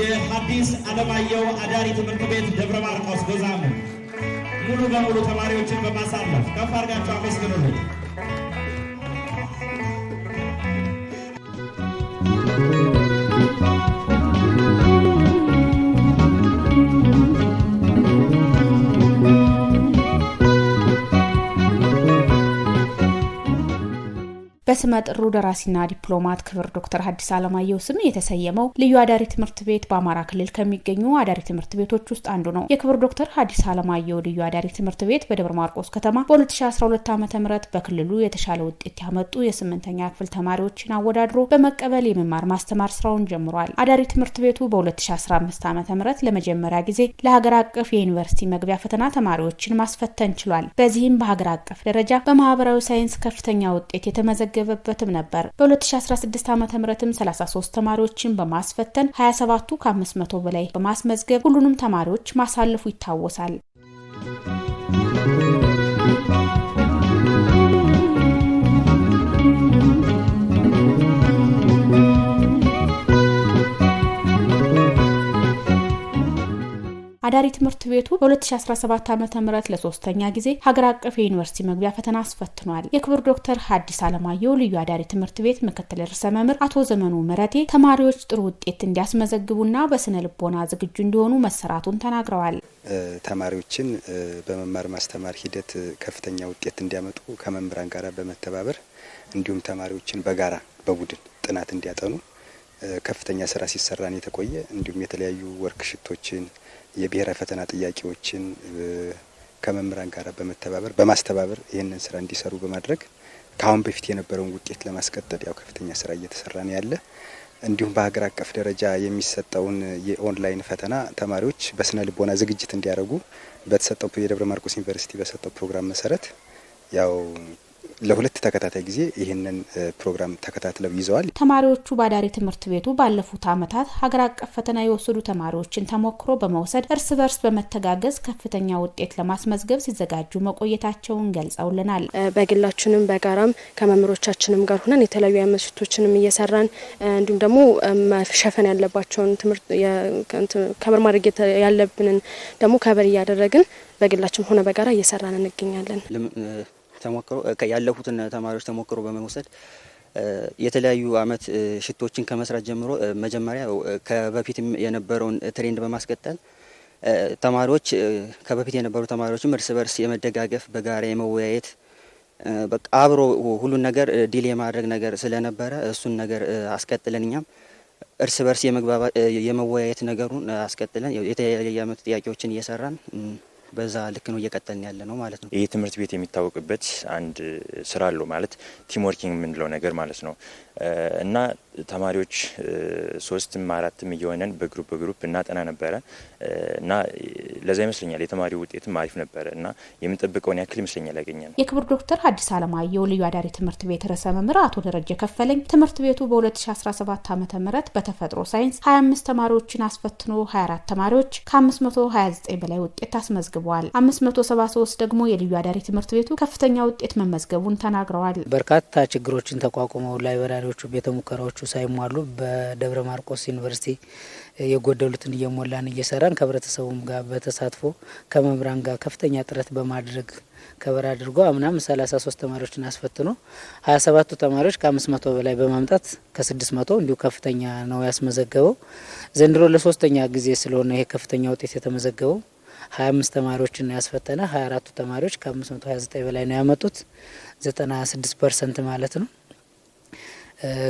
የሐዲስ ዓለማየሁ አዳሪ ትምህርት ቤት ደብረ ማርቆስ ጎዛሙ ሙሉ በሙሉ ተማሪዎችን በማሳለፍ ከፍ አድርጋችሁ አመስግኑልኝ። በስመጥሩ ደራሲና ዲፕሎማት ክብር ዶክተር ሀዲስ አለማየሁ ስም የተሰየመው ልዩ አዳሪ ትምህርት ቤት በአማራ ክልል ከሚገኙ አዳሪ ትምህርት ቤቶች ውስጥ አንዱ ነው። የክብር ዶክተር ሀዲስ አለማየሁ ልዩ አዳሪ ትምህርት ቤት በደብረ ማርቆስ ከተማ በ2012 ዓ ም በክልሉ የተሻለ ውጤት ያመጡ የስምንተኛ ክፍል ተማሪዎችን አወዳድሮ በመቀበል የመማር ማስተማር ስራውን ጀምሯል። አዳሪ ትምህርት ቤቱ በ2015 ዓ ም ለመጀመሪያ ጊዜ ለሀገር አቀፍ የዩኒቨርሲቲ መግቢያ ፈተና ተማሪዎችን ማስፈተን ችሏል። በዚህም በሀገር አቀፍ ደረጃ በማህበራዊ ሳይንስ ከፍተኛ ውጤት የተመዘገ የተመዘገበበትም ነበር። በ2016 ዓ ም 33 ተማሪዎችን በማስፈተን 27ቱ ከ500 በላይ በማስመዝገብ ሁሉንም ተማሪዎች ማሳለፉ ይታወሳል። አዳሪ ትምህርት ቤቱ በ2017 ዓ ም ለሶስተኛ ጊዜ ሀገር አቀፍ የዩኒቨርሲቲ መግቢያ ፈተና አስፈትኗል። የክቡር ዶክተር ሀዲስ አለማየሁ ልዩ አዳሪ ትምህርት ቤት ምክትል ርዕሰ መምህር አቶ ዘመኑ ምረቴ ተማሪዎች ጥሩ ውጤት እንዲያስመዘግቡና በስነ ልቦና ዝግጁ እንዲሆኑ መሰራቱን ተናግረዋል። ተማሪዎችን በመማር ማስተማር ሂደት ከፍተኛ ውጤት እንዲያመጡ ከመምህራን ጋር በመተባበር እንዲሁም ተማሪዎችን በጋራ በቡድን ጥናት እንዲያጠኑ ከፍተኛ ስራ ሲሰራን የተቆየ እንዲሁም የተለያዩ ሽቶችን የብሔራዊ ፈተና ጥያቄዎችን ከመምህራን ጋር በመተባበር በማስተባበር ይህንን ስራ እንዲሰሩ በማድረግ ከአሁን በፊት የነበረውን ውጤት ለማስቀጠል ያው ከፍተኛ ስራ እየተሰራ ነው ያለ። እንዲሁም በሀገር አቀፍ ደረጃ የሚሰጠውን የኦንላይን ፈተና ተማሪዎች በስነ ልቦና ዝግጅት እንዲያደርጉ በተሰጠው የደብረ ማርቆስ ዩኒቨርሲቲ በሰጠው ፕሮግራም መሰረት ያው ለሁለት ተከታታይ ጊዜ ይህንን ፕሮግራም ተከታትለው ይዘዋል። ተማሪዎቹ በአዳሪ ትምህርት ቤቱ ባለፉት ዓመታት ሀገር አቀፍ ፈተና የወሰዱ ተማሪዎችን ተሞክሮ በመውሰድ እርስ በርስ በመተጋገዝ ከፍተኛ ውጤት ለማስመዝገብ ሲዘጋጁ መቆየታቸውን ገልጸውልናል። በግላችንም በጋራም ከመምህሮቻችንም ጋር ሆነን የተለያዩ አይመሽቶችንም እየሰራን እንዲሁም ደግሞ መሸፈን ያለባቸውን ከምር ማድረግ ያለብንን ደግሞ ከበር እያደረግን በግላችን ሆነ በጋራ እየሰራን እንገኛለን። ተሞክሮ ያለፉትን ተማሪዎች ተሞክሮ በመውሰድ የተለያዩ አመት ሽቶችን ከመስራት ጀምሮ መጀመሪያ ከበፊት የነበረውን ትሬንድ በማስቀጠል ተማሪዎች ከበፊት የነበሩ ተማሪዎችም እርስ በርስ የመደጋገፍ በጋራ የመወያየት በቃ አብሮ ሁሉን ነገር ዲል የማድረግ ነገር ስለነበረ እሱን ነገር አስቀጥለን እኛም እርስ በርስ የመወያየት ነገሩን አስቀጥለን የተለያየ አመት ጥያቄዎችን እየሰራን በዛ ልክ ነው እየቀጠልን ያለ ነው ማለት ነው። ይህ ትምህርት ቤት የሚታወቅበት አንድ ስራ አለው ማለት ቲም ወርኪንግ የምንለው ነገር ማለት ነው። እና ተማሪዎች ሶስትም አራትም እየሆነን በግሩፕ በግሩፕ እናጠና ነበረ እና ለዛ ይመስለኛል የተማሪ ውጤትም አሪፍ ነበረ እና የምንጠብቀውን ያክል ይመስለኛል ያገኘ ነው። የክብር ዶክተር ሐዲስ ዓለማየሁ ልዩ አዳሪ ትምህርት ቤት ርዕሰ መምህር አቶ ደረጀ ከፈለኝ ትምህርት ቤቱ በ2017 ዓ ም በተፈጥሮ ሳይንስ 25 ተማሪዎችን አስፈትኖ 24 ተማሪዎች ከ529 በላይ ውጤት አስመዝግበዋል። 573 ደግሞ የልዩ አዳሪ ትምህርት ቤቱ ከፍተኛ ውጤት መመዝገቡን ተናግረዋል። በርካታ ችግሮችን ተቋቁመው ላይበራሪ ተማሪዎቹ ቤተ ሙከራዎቹ ሳይሟሉ በደብረ ማርቆስ ዩኒቨርሲቲ የጎደሉትን እየሞላን እየሰራን ከህብረተሰቡም ጋር በተሳትፎ ከመምህራን ጋር ከፍተኛ ጥረት በማድረግ ከበር አድርጎ አምናም 33 ተማሪዎችን አስፈትኖ 27ቱ ተማሪዎች ከ500 በላይ በማምጣት ከ600 እንዲሁ ከፍተኛ ነው ያስመዘገበው። ዘንድሮ ለሶስተኛ ጊዜ ስለሆነ ይሄ ከፍተኛ ውጤት የተመዘገበው 25 ተማሪዎችን ያስፈተነ 24ቱ ተማሪዎች ከ529 በላይ ነው ያመጡት 96 ፐርሰንት ማለት ነው።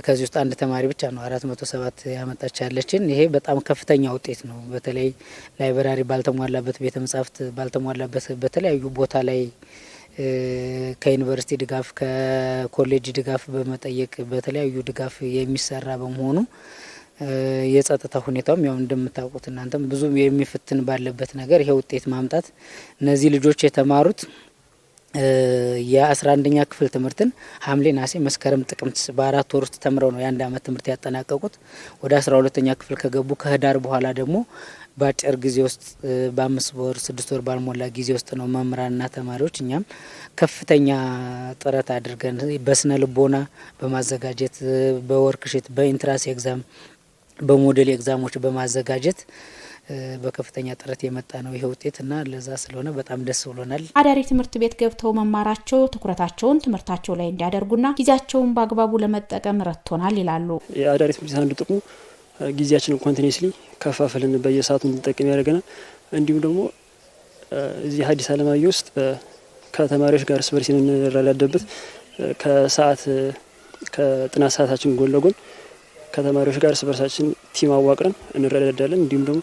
ከዚህ ውስጥ አንድ ተማሪ ብቻ ነው አራት መቶ ሰባት ያመጣች ያለችን። ይሄ በጣም ከፍተኛ ውጤት ነው። በተለይ ላይብራሪ ባልተሟላበት፣ ቤተ መጻሕፍት ባልተሟላበት በተለያዩ ቦታ ላይ ከዩኒቨርሲቲ ድጋፍ ከኮሌጅ ድጋፍ በመጠየቅ በተለያዩ ድጋፍ የሚሰራ በመሆኑ የጸጥታ ሁኔታውም ያው እንደምታውቁት እናንተም ብዙ የሚፍትን ባለበት ነገር ይሄ ውጤት ማምጣት እነዚህ ልጆች የተማሩት የ11ኛ ክፍል ትምህርትን ሐምሌ፣ ነሐሴ፣ መስከረም፣ ጥቅምት በአራት ወር ውስጥ ተምረው ነው የአንድ አመት ትምህርት ያጠናቀቁት። ወደ 12ኛ ክፍል ከገቡ ከህዳር በኋላ ደግሞ በአጭር ጊዜ ውስጥ በአምስት ወር ስድስት ወር ባልሞላ ጊዜ ውስጥ ነው መምህራንና ተማሪዎች እኛም ከፍተኛ ጥረት አድርገን በስነ ልቦና በማዘጋጀት በወርክሽት በኢንትራንስ ኤግዛም በሞዴል ኤግዛሞች በማዘጋጀት በከፍተኛ ጥረት የመጣ ነው ይሄ ውጤት እና ለዛ ስለሆነ በጣም ደስ ብሎናል። አዳሪ ትምህርት ቤት ገብተው መማራቸው ትኩረታቸውን ትምህርታቸው ላይ እንዲያደርጉና ጊዜያቸውን በአግባቡ ለመጠቀም ረድቶናል ይላሉ። የአዳሪ ትምህርት ቤት አንዱ ጥቅሙ ጊዜያችንን ኮንቲኒስሊ ከፋፍልን በየሰዓቱ እንድንጠቀም ያደርገናል። እንዲሁም ደግሞ እዚህ ሐዲስ ዓለማየ ውስጥ ከተማሪዎች ጋር እርስ በርስ እንረዳዳበት ከሰዓት ከጥናት ሰዓታችን ጎን ለጎን ከተማሪዎች ጋር ስበርሳችን ቲም አዋቅረን እንረዳዳለን እንዲሁም ደግሞ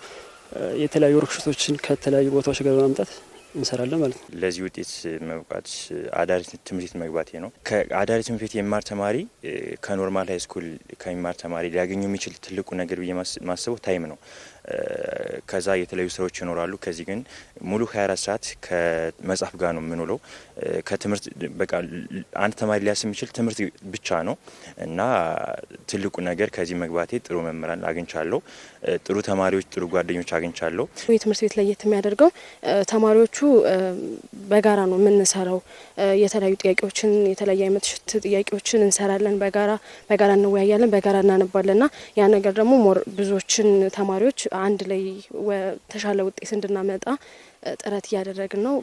የተለያዩ ርክሽቶችን ከተለያዩ ቦታዎች ጋር በማምጣት እንሰራለን ማለት ነው። ለዚህ ውጤት መብቃት አዳሪ ትምህርት ቤት መግባቴ ነው። ከአዳሪ ትምህርት ቤት የሚማር ተማሪ ከኖርማል ሀይ ስኩል ከሚማር ተማሪ ሊያገኙ የሚችል ትልቁ ነገር ብዬ ማስበው ታይም ነው። ከዛ የተለያዩ ስራዎች ይኖራሉ። ከዚህ ግን ሙሉ 24 ሰዓት ከመጽሐፍ ጋር ነው የምንውለው። ከትምህርት በቃ አንድ ተማሪ ሊያስ የሚችል ትምህርት ብቻ ነው እና ትልቁ ነገር ከዚህ መግባቴ ጥሩ መምህራን አግኝቻለሁ፣ ጥሩ ተማሪዎች፣ ጥሩ ጓደኞች አግኝቻለሁ። የትምህርት ቤት ለየት የሚያደርገው ተማሪዎቹ በጋራ ነው የምንሰራው። የተለያዩ ጥያቄዎችን የተለያየ አይነት ሽት ጥያቄዎችን እንሰራለን። በጋራ በጋራ እንወያያለን፣ በጋራ እናነባለን ና ያ ነገር ደግሞ ሞር ብዙዎችን ተማሪዎች አንድ ላይ ተሻለ ውጤት እንድናመጣ ጥረት እያደረግን ነው።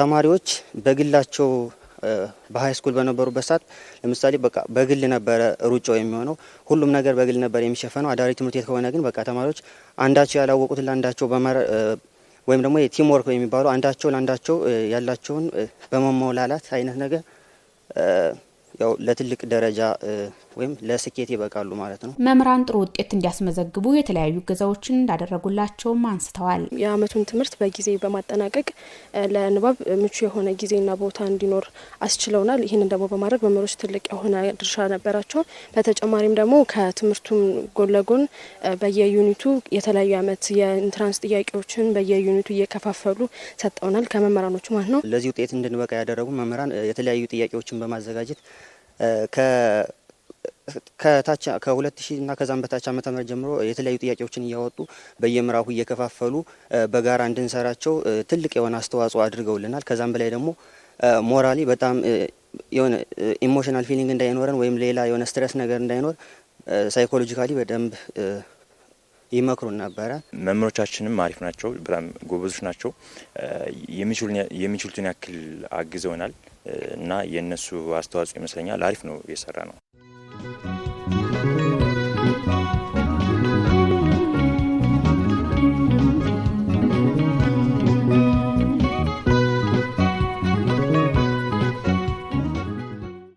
ተማሪዎች በግላቸው በሀይ ስኩል በነበሩበት ሰዓት ለምሳሌ በቃ በግል ነበረ ሩጫው የሚሆነው ሁሉም ነገር በግል ነበር የሚሸፈነው። አዳሪ ትምህርት ቤት ከሆነ ግን በቃ ተማሪዎች አንዳቸው ያላወቁትን ለአንዳቸው ወይም ደግሞ የቲም ወርክ የሚባለው አንዳቸው አንዳቸው ያላቸውን በመሞላላት አይነት ነገር ያው ለትልቅ ደረጃ ወይም ለስኬት ይበቃሉ ማለት ነው። መምህራን ጥሩ ውጤት እንዲያስመዘግቡ የተለያዩ ገዛዎችን እንዳደረጉላቸውም አንስተዋል። የአመቱን ትምህርት በጊዜ በማጠናቀቅ ለንባብ ምቹ የሆነ ጊዜና ቦታ እንዲኖር አስችለውናል። ይህንን ደግሞ በማድረግ መምህሮች ትልቅ የሆነ ድርሻ ነበራቸው። በተጨማሪም ደግሞ ከትምህርቱም ጎን ለጎን በየዩኒቱ የተለያዩ አመት የኢንትራንስ ጥያቄዎችን በየዩኒቱ እየከፋፈሉ ሰጠውናል ከመምህራኖቹ ማለት ነው። ለዚህ ውጤት እንድንበቃ ያደረጉ መምህራን የተለያዩ ጥያቄዎችን በማዘጋጀት ከታች ከ2000 እና ከዛም በታች ዓመተ ምህረት ጀምሮ የተለያዩ ጥያቄዎችን እያወጡ በየምዕራፉ እየከፋፈሉ በጋራ እንድንሰራቸው ትልቅ የሆነ አስተዋጽኦ አድርገውልናል። ከዛም በላይ ደግሞ ሞራሊ በጣም የሆነ ኢሞሽናል ፊሊንግ እንዳይኖረን ወይም ሌላ የሆነ ስትረስ ነገር እንዳይኖር ሳይኮሎጂካሊ በደንብ ይመክሩን ነበረ። መምህሮቻችንም አሪፍ ናቸው፣ በጣም ጎበዞች ናቸው። የሚችሉትን ያክል አግዘውናል እና የእነሱ አስተዋጽኦ ይመስለኛል አሪፍ ነው የሰራ ነው።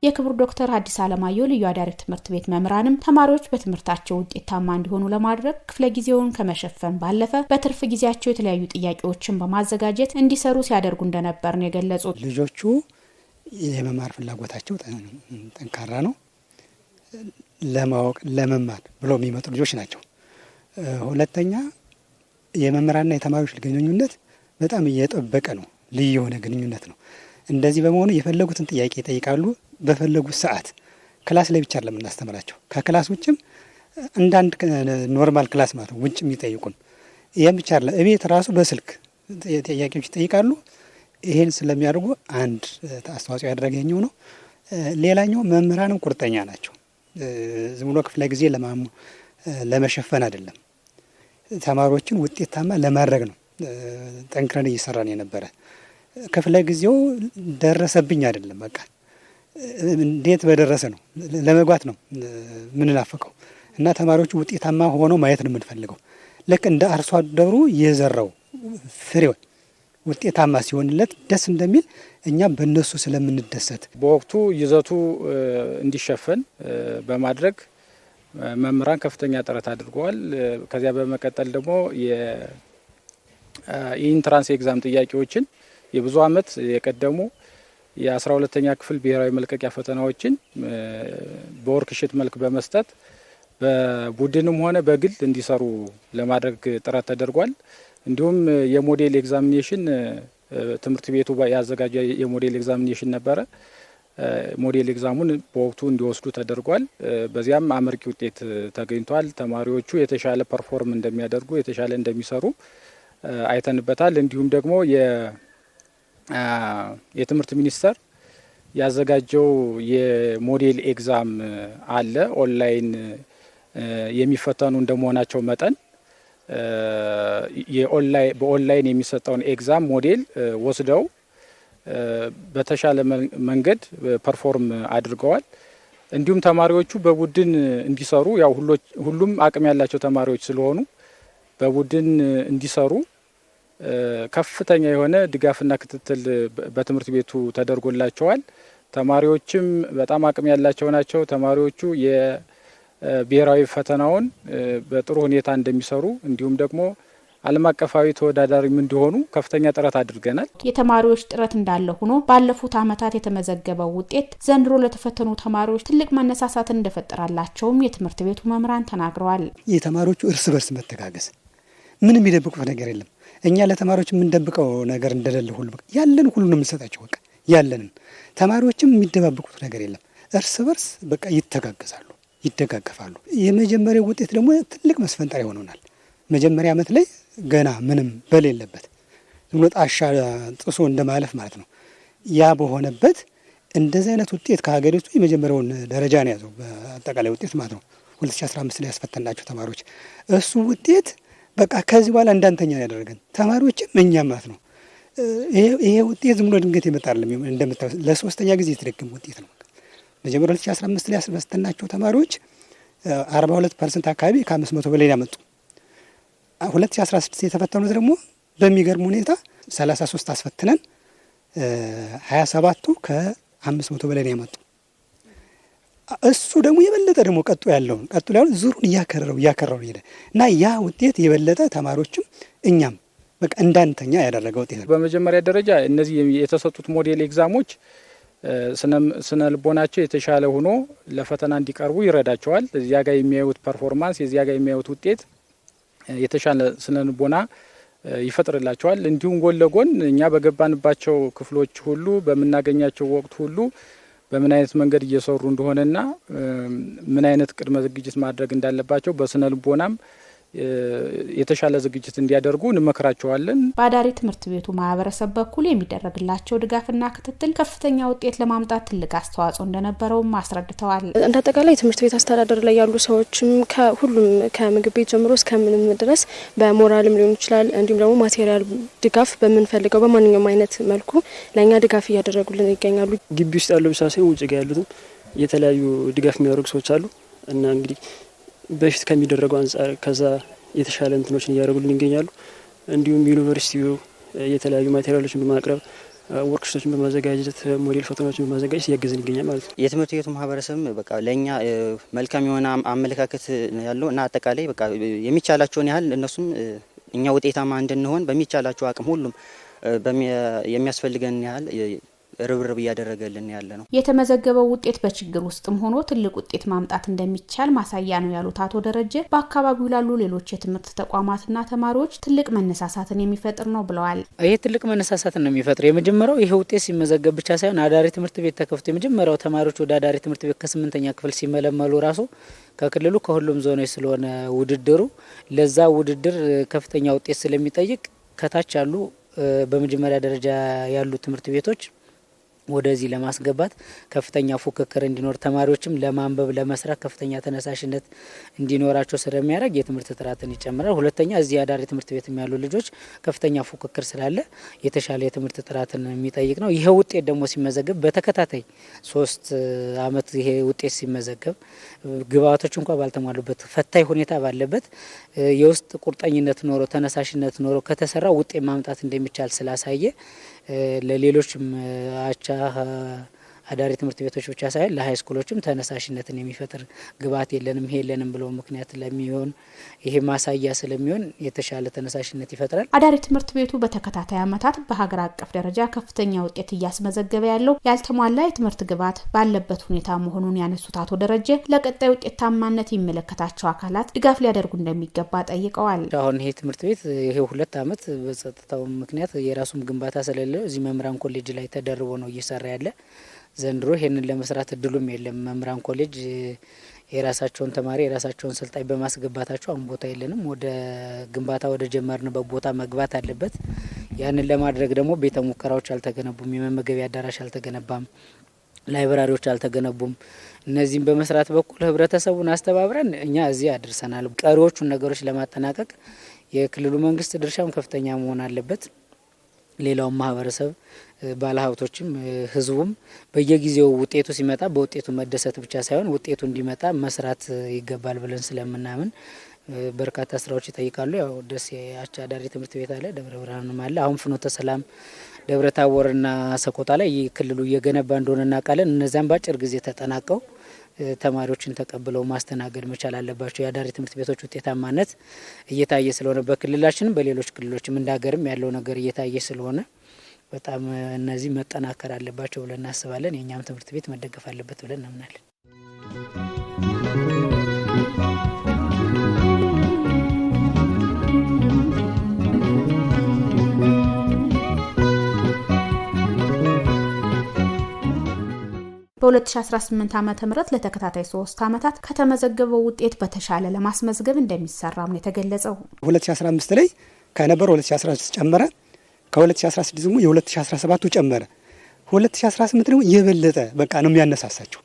የክቡር ዶክተር አዲስ አለማየሁ ልዩ አዳሪ ትምህርት ቤት መምህራንም ተማሪዎች በትምህርታቸው ውጤታማ እንዲሆኑ ለማድረግ ክፍለ ጊዜውን ከመሸፈን ባለፈ በትርፍ ጊዜያቸው የተለያዩ ጥያቄዎችን በማዘጋጀት እንዲሰሩ ሲያደርጉ እንደነበር ነው የገለጹት። ልጆቹ የመማር ፍላጎታቸው ጠንካራ ነው። ለማወቅ ለመማር ብሎ የሚመጡ ልጆች ናቸው። ሁለተኛ የመምህራንና የተማሪዎች ግንኙነት በጣም እየጠበቀ ነው። ልዩ የሆነ ግንኙነት ነው። እንደዚህ በመሆኑ የፈለጉትን ጥያቄ ይጠይቃሉ። በፈለጉት ሰዓት ክላስ ላይ ብቻ ለምናስተምራቸው ከክላስ ውጭም እንዳንድ ኖርማል ክላስ ማለት ነው ውጭ የሚጠይቁን ይህም ብቻ አይደለም፣ እቤት ራሱ በስልክ ጥያቄዎች ይጠይቃሉ። ይህን ስለሚያደርጉ አንድ አስተዋጽኦ ያደረገ ይኸኛው ነው። ሌላኛው መምህራንም ቁርጠኛ ናቸው። ዝም ብሎ ክፍለ ጊዜ ለማሙ ለመሸፈን አይደለም፣ ተማሪዎችን ውጤታማ ለማድረግ ነው ጠንክረን እየሰራን የነበረ ክፍለ ጊዜው ደረሰብኝ አይደለም፣ በቃ እንዴት በደረሰ ነው ለመግባት ነው የምንናፍቀው። እና ተማሪዎቹ ውጤታማ ሆኖ ማየት ነው የምንፈልገው። ልክ እንደ አርሶ አደሩ የዘራው ፍሬው ውጤታማ ሲሆንለት ደስ እንደሚል እኛ በእነሱ ስለምንደሰት በወቅቱ ይዘቱ እንዲሸፈን በማድረግ መምህራን ከፍተኛ ጥረት አድርገዋል። ከዚያ በመቀጠል ደግሞ የኢንትራንስ ኤግዛም ጥያቄዎችን የብዙ ዓመት የቀደሙ የአስራ ሁለተኛ ክፍል ብሔራዊ መልቀቂያ ፈተናዎችን በወርክሽት መልክ በመስጠት በቡድንም ሆነ በግል እንዲሰሩ ለማድረግ ጥረት ተደርጓል። እንዲሁም የሞዴል ኤግዛሚኔሽን ትምህርት ቤቱ ያዘጋጀ የሞዴል ኤግዛሚኔሽን ነበረ። ሞዴል ኤግዛሙን በወቅቱ እንዲወስዱ ተደርጓል። በዚያም አመርቂ ውጤት ተገኝቷል። ተማሪዎቹ የተሻለ ፐርፎርም እንደሚያደርጉ የተሻለ እንደሚሰሩ አይተንበታል። እንዲሁም ደግሞ የትምህርት ሚኒስቴር ያዘጋጀው የሞዴል ኤግዛም አለ። ኦንላይን የሚፈተኑ እንደመሆናቸው መጠን በኦንላይን የሚሰጠውን ኤግዛም ሞዴል ወስደው በተሻለ መንገድ ፐርፎርም አድርገዋል። እንዲሁም ተማሪዎቹ በቡድን እንዲሰሩ ያው ሁሉም አቅም ያላቸው ተማሪዎች ስለሆኑ በቡድን እንዲሰሩ ከፍተኛ የሆነ ድጋፍና ክትትል በትምህርት ቤቱ ተደርጎላቸዋል። ተማሪዎችም በጣም አቅም ያላቸው ናቸው። ተማሪዎቹ የብሔራዊ ፈተናውን በጥሩ ሁኔታ እንደሚሰሩ እንዲሁም ደግሞ ዓለም አቀፋዊ ተወዳዳሪም እንዲሆኑ ከፍተኛ ጥረት አድርገናል። የተማሪዎች ጥረት እንዳለ ሆኖ ባለፉት ዓመታት የተመዘገበው ውጤት ዘንድሮ ለተፈተኑ ተማሪዎች ትልቅ መነሳሳትን እንደፈጠራላቸውም የትምህርት ቤቱ መምህራን ተናግረዋል። የተማሪዎቹ እርስ በርስ መተጋገዝ ምንም የሚደብቁት ነገር የለም። እኛ ለተማሪዎች የምንደብቀው ነገር እንደሌለ ሁሉ በቃ ያለን ሁሉ ነው የምንሰጣቸው። በቃ ያለንን ተማሪዎችም የሚደባበቁት ነገር የለም። እርስ በርስ በቃ ይተጋገዛሉ፣ ይደጋገፋሉ። የመጀመሪያው ውጤት ደግሞ ትልቅ መስፈንጠር ሆኖናል። መጀመሪያ ዓመት ላይ ገና ምንም በሌለበት ዝም ብሎ ጣሻ ጥሶ እንደማለፍ ማለት ነው። ያ በሆነበት እንደዚህ አይነት ውጤት ከሀገሪቱ የመጀመሪያውን ደረጃ ነው ያዘው በአጠቃላይ ውጤት ማለት ነው። 2015 ላይ ያስፈተናቸው ተማሪዎች እሱ ውጤት በቃ ከዚህ በኋላ እንዳንተኛ ያደረገን ተማሪዎችም እኛ ማለት ነው። ይሄ ውጤት ዝም ብሎ ድንገት ይመጣል። እንደምታ ለሶስተኛ ጊዜ የተደገመ ውጤት ነው። መጀመሪያ 2015 ላይ ያስበስተናቸው ተማሪዎች 42 ፐርሰንት አካባቢ ከ500 በላይ ያመጡ 2016 የተፈተኑት ደግሞ በሚገርም ሁኔታ 33 አስፈትነን 27ቱ ከ500 በላይ ያመጡ እሱ ደግሞ የበለጠ ደግሞ ቀጡ ያለውን ቀጡ ያለውን ዙሩን እያከረረው እያከረረው ሄደ እና ያ ውጤት የበለጠ ተማሪዎችም እኛም በቃ እንዳንተኛ ያደረገ ውጤት ነው። በመጀመሪያ ደረጃ እነዚህ የተሰጡት ሞዴል ኤግዛሞች ስነ ልቦናቸው የተሻለ ሆኖ ለፈተና እንዲቀርቡ ይረዳቸዋል። እዚያ ጋር የሚያዩት ፐርፎርማንስ፣ የዚያ ጋር የሚያዩት ውጤት የተሻለ ስነ ልቦና ይፈጥርላቸዋል። እንዲሁም ጎን ለጎን እኛ በገባንባቸው ክፍሎች ሁሉ በምናገኛቸው ወቅት ሁሉ በምን አይነት መንገድ እየሰሩ እንደሆነና ምን አይነት ቅድመ ዝግጅት ማድረግ እንዳለባቸው በስነ ልቦናም የተሻለ ዝግጅት እንዲያደርጉ እንመክራቸዋለን። በአዳሪ ትምህርት ቤቱ ማህበረሰብ በኩል የሚደረግላቸው ድጋፍና ክትትል ከፍተኛ ውጤት ለማምጣት ትልቅ አስተዋጽኦ እንደነበረውም አስረድተዋል። እንደ አጠቃላይ ትምህርት ቤት አስተዳደር ላይ ያሉ ሰዎችም ከሁሉም ከምግብ ቤት ጀምሮ እስከምንም ድረስ በሞራልም ሊሆን ይችላል እንዲሁም ደግሞ ማቴሪያል ድጋፍ በምንፈልገው በማንኛውም አይነት መልኩ ለእኛ ድጋፍ እያደረጉልን ይገኛሉ። ግቢ ውስጥ ያለው ብቻ ሳይሆን ውጭ ጋ ያሉትም የተለያዩ ድጋፍ የሚያደርጉ ሰዎች አሉ እና እንግዲህ በፊት ከሚደረገው አንጻር ከዛ የተሻለ እንትኖችን እያደረጉልን ይገኛሉ። እንዲሁም ዩኒቨርሲቲው የተለያዩ ማቴሪያሎችን በማቅረብ ወርክሾቶችን በማዘጋጀት ሞዴል ፈተናዎችን በማዘጋጀት እያገዘን ይገኛል ማለት ነው። የትምህርት ቤቱ ማህበረሰብም በቃ ለእኛ መልካም የሆነ አመለካከት ያለው እና አጠቃላይ በቃ የሚቻላቸውን ያህል እነሱም እኛ ውጤታማ እንድንሆን በሚቻላቸው አቅም ሁሉም የሚያስፈልገን ያህል ርብርብ እያደረገልን ያለ ነው። የተመዘገበው ውጤት በችግር ውስጥም ሆኖ ትልቅ ውጤት ማምጣት እንደሚቻል ማሳያ ነው ያሉት አቶ ደረጀ በአካባቢው ላሉ ሌሎች የትምህርት ተቋማትና ተማሪዎች ትልቅ መነሳሳትን የሚፈጥር ነው ብለዋል። ይሄ ትልቅ መነሳሳትን ነው የሚፈጥር። የመጀመሪያው ይሄ ውጤት ሲመዘገብ ብቻ ሳይሆን አዳሪ ትምህርት ቤት ተከፍቶ የመጀመሪያው ተማሪዎች ወደ አዳሪ ትምህርት ቤት ከስምንተኛ ክፍል ሲመለመሉ ራሱ ከክልሉ ከሁሉም ዞኖች ስለሆነ ውድድሩ ለዛ ውድድር ከፍተኛ ውጤት ስለሚጠይቅ ከታች ያሉ በመጀመሪያ ደረጃ ያሉ ትምህርት ቤቶች ወደዚህ ለማስገባት ከፍተኛ ፉክክር እንዲኖር ተማሪዎችም ለማንበብ ለመስራት ከፍተኛ ተነሳሽነት እንዲኖራቸው ስለሚያደርግ የትምህርት ጥራትን ይጨምራል። ሁለተኛ እዚህ አዳሪ ትምህርት ቤት ያሉ ልጆች ከፍተኛ ፉክክር ስላለ የተሻለ የትምህርት ጥራትን የሚጠይቅ ነው። ይሄ ውጤት ደግሞ ሲመዘገብ በተከታታይ ሶስት አመት ይሄ ውጤት ሲመዘገብ ግብአቶች እንኳ ባልተሟሉበት ፈታኝ ሁኔታ ባለበት የውስጥ ቁርጠኝነት ኖሮ ተነሳሽነት ኖሮ ከተሰራ ውጤት ማምጣት እንደሚቻል ስላሳየ ለሌሎችም አቻ አዳሪ ትምህርት ቤቶች ብቻ ሳይሆን ስኩሎችም ተነሳሽነትን የሚፈጥር ግብዓት የለንም ይሄ የለንም ብለው ምክንያት ለሚሆን ይሄ ማሳያ ስለሚሆን የተሻለ ተነሳሽነት ይፈጥራል። አዳሪ ትምህርት ቤቱ በተከታታይ ዓመታት በሀገር አቀፍ ደረጃ ከፍተኛ ውጤት እያስመዘገበ ያለው ያልተሟላ የትምህርት ግብዓት ባለበት ሁኔታ መሆኑን ያነሱት አቶ ደረጀ ለቀጣይ ውጤታማነት የሚመለከታቸው አካላት ድጋፍ ሊያደርጉ እንደሚገባ ጠይቀዋል። አሁን ይሄ ትምህርት ቤት ይሄ ሁለት ዓመት በጸጥታው ምክንያት የራሱም ግንባታ ስለሌለው እዚህ መምህራን ኮሌጅ ላይ ተደርቦ ነው እየሰራ ያለ ዘንድሮ ይሄንን ለመስራት እድሉም የለም። መምህራን ኮሌጅ የራሳቸውን ተማሪ የራሳቸውን ሰልጣኝ በማስገባታቸው አሁን ቦታ የለንም። ወደ ግንባታ ወደ ጀመርንበት ቦታ መግባት አለበት። ያንን ለማድረግ ደግሞ ቤተ ሙከራዎች አልተገነቡም፣ የመመገቢያ አዳራሽ አልተገነባም፣ ላይብራሪዎች አልተገነቡም። እነዚህም በመስራት በኩል ህብረተሰቡን አስተባብረን እኛ እዚህ አድርሰናል። ቀሪዎቹን ነገሮች ለማጠናቀቅ የክልሉ መንግስት ድርሻም ከፍተኛ መሆን አለበት። ሌላውም ማህበረሰብ ባለሀብቶችም ህዝቡም በየጊዜው ውጤቱ ሲመጣ በውጤቱ መደሰት ብቻ ሳይሆን ውጤቱ እንዲመጣ መስራት ይገባል ብለን ስለምናምን በርካታ ስራዎች ይጠይቃሉ። ያው ደሴ አቻዳሪ ትምህርት ቤት አለ፣ ደብረ ብርሃንም አለ። አሁን ፍኖተ ሰላም፣ ደብረ ታቦርና ሰቆጣ ላይ ክልሉ እየገነባ እንደሆነ እናውቃለን። እነዚያም በአጭር ጊዜ ተጠናቀው ተማሪዎችን ተቀብለው ማስተናገድ መቻል አለባቸው። የአዳሪ ትምህርት ቤቶች ውጤታማነት እየታየ ስለሆነ በክልላችንም በሌሎች ክልሎችም እንዳገርም ያለው ነገር እየታየ ስለሆነ በጣም እነዚህ መጠናከር አለባቸው ብለን እናስባለን። የእኛም ትምህርት ቤት መደገፍ አለበት ብለን እናምናለን። በ2018 ዓ ም ለተከታታይ ሶስት ዓመታት ከተመዘገበው ውጤት በተሻለ ለማስመዝገብ እንደሚሰራም ነው የተገለጸው። 2015 ላይ ከነበረ 2016 ጨመረ። ከ2016 ደግሞ የ2017ቱ ጨመረ 2018 ደግሞ የበለጠ በቃ ነው የሚያነሳሳቸው።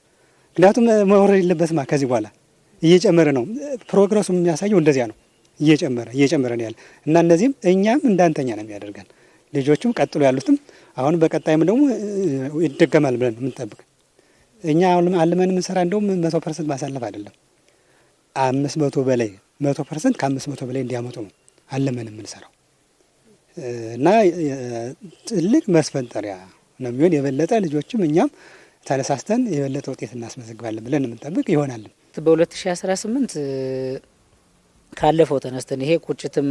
ምክንያቱም መውረድ ማ ከዚህ በኋላ እየጨመረ ነው። ፕሮግረሱ የሚያሳየው እንደዚያ ነው። እየጨመረ እየጨመረ ነው ያለ እና እነዚህም እኛም እንዳንተኛ ነው የሚያደርገን ልጆቹም ቀጥሎ ያሉትም አሁን በቀጣይም ደግሞ ይደገማል ብለን የምንጠብቅ እኛ አሁን አልመን የምንሰራ እንደውም መቶ ፐርሰንት ማሳለፍ አይደለም አምስት መቶ በላይ መቶ ፐርሰንት ከአምስት መቶ በላይ እንዲያመጡ ነው አለመን የምንሰራው እና ትልቅ መስፈንጠሪያ ነው የሚሆን። የበለጠ ልጆችም እኛም ተነሳስተን የበለጠ ውጤት እናስመዘግባለን ብለን የምንጠብቅ ይሆናል። በ2018 ካለፈው ተነስተን ይሄ ቁጭትም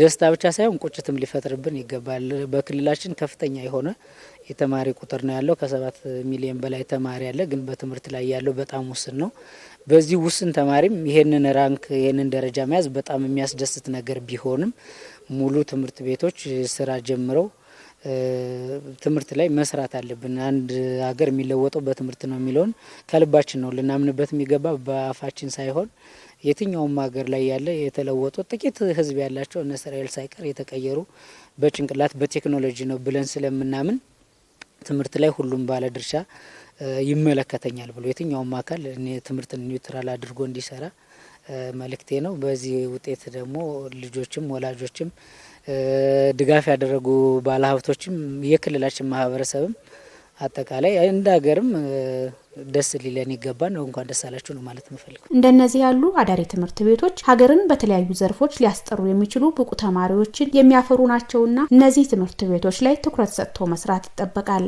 ደስታ ብቻ ሳይሆን ቁጭትም ሊፈጥርብን ይገባል። በክልላችን ከፍተኛ የሆነ የተማሪ ቁጥር ነው ያለው። ከሰባት ሚሊዮን በላይ ተማሪ አለ፣ ግን በትምህርት ላይ ያለው በጣም ውስን ነው። በዚህ ውስን ተማሪም ይሄንን ራንክ ይሄንን ደረጃ መያዝ በጣም የሚያስደስት ነገር ቢሆንም ሙሉ ትምህርት ቤቶች ስራ ጀምረው ትምህርት ላይ መስራት አለብን። አንድ ሀገር የሚለወጠው በትምህርት ነው የሚለውን ከልባችን ነው ልናምንበት የሚገባ በአፋችን ሳይሆን የትኛውም ሀገር ላይ ያለ የተለወጡ ጥቂት ህዝብ ያላቸው እነ እስራኤል ሳይቀር የተቀየሩ በጭንቅላት በቴክኖሎጂ ነው ብለን ስለምናምን ትምህርት ላይ ሁሉም ባለ ድርሻ ይመለከተኛል ብሎ የትኛውም አካል ትምህርትን ኒውትራል አድርጎ እንዲሰራ መልእክቴ ነው። በዚህ ውጤት ደግሞ ልጆችም ወላጆችም ድጋፍ ያደረጉ ባለሀብቶችም የክልላችን ማህበረሰብም አጠቃላይ እንደ ሀገርም ደስ ሊለን ይገባ ነው። እንኳን ደስ አላችሁ ነው ማለት ምፈልግ። እንደነዚህ ያሉ አዳሪ ትምህርት ቤቶች ሀገርን በተለያዩ ዘርፎች ሊያስጠሩ የሚችሉ ብቁ ተማሪዎችን የሚያፈሩ ናቸውና እነዚህ ትምህርት ቤቶች ላይ ትኩረት ሰጥቶ መስራት ይጠበቃል።